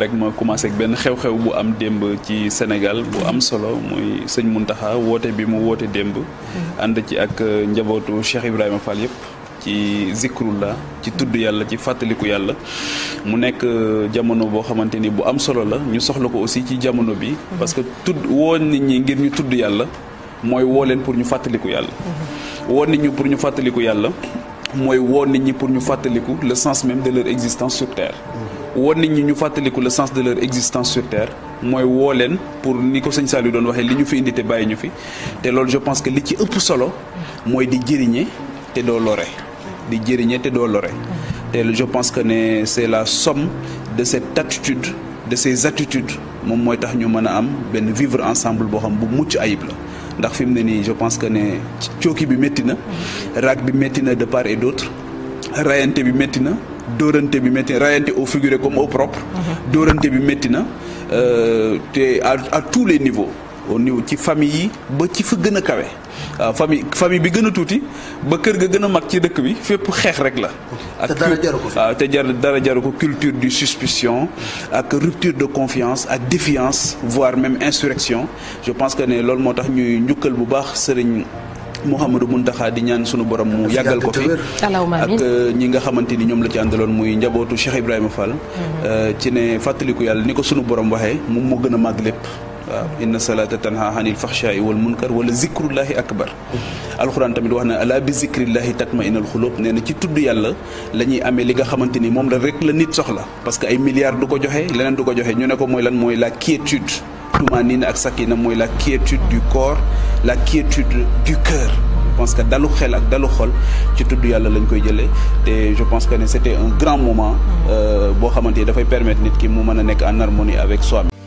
rek commencé ak xew-xew bu am Sénégal bu am solo muy sëñ woote bi mu woote démb. Mm-hmm. ànd ci ak euh, Cheikh Ibrahima Fall yëpp. ci zikrullah ci ci mu euh, jamono bu am solo la ñu soxla ko aussi ci jamono mm-hmm. parce que tudd woo nit ñi ngir ñu pour ñu fàttaliku yàlla. Mm-hmm. nit ñi pour ñu fàttaliku yàlla mooy nit ñi pour ñu le sens même de leur existence sur terre woo nit ñi ñu fàttaliku le sens de leur existence sur terre mooy woo pour ni ko sëñ Saliou doon waxee li ñu fi indi te ñu fi te je pense que li ci ëpp solo mooy di jëriñe te doo lore di te doo lore je pense que ne c'est la somme de cette attitude de ces attitudes moom mooy tax ñu mën am vivre ensemble boo xam bu mucc ayib la ndax ne je pense que ne cooki bi métti na raag bi na de part et d'autre rayante bi métti na dóorante bi métti rayante au figuré comme au propre. Mhm. dóorante bi métti na euh, te à tous les niveaux au niveau ci famille yi ba ci fa gën kawé ah, famille famille bi gëna tout tuuti ba kër ga gëna a mag ci dëkk bi fépp xex rek la. ak te ah, dara jaru ko culture du suspicion ak rupture de confiance à défiance voire même insurrection je pense que né loolu motax ñuy njukkal bu baax sëriñ. Mouhamadou Mountakha di ñaan sunu borom mu yàggal ko fi ak euh, ñi nga xamante ni ñoom la ci àndaloon muy njabootu Cheikh Ibrahima Fall mhm. euh, ci ne fàttaliku yàlla ni ko sunu borom waxee moom moo gën a màgg lépp waaw mhm. inna salata tanha anil fahshaai wal munkar wala zikrullahi akbar mhm. alxuraan tamit wax na ala zikrillahi tatmainal xulóob nee na ci tudd yàlla la ñuy amee li nga xamante ni moom la rek la nit soxla parce que ay milliards du ko joxe leneen du ko joxe ñu ne ko mooy lan mooy la quiétude tumaanina mooy la quiétude du la quiétude du cœur je pense que dalu xel ak dalu xol ci tudd yàlla lañ koy jëlee Et je pense que c'était un grand moment euh, boo xamante ni dafay permettre nit ki mu mën a en harmonie avec soi-même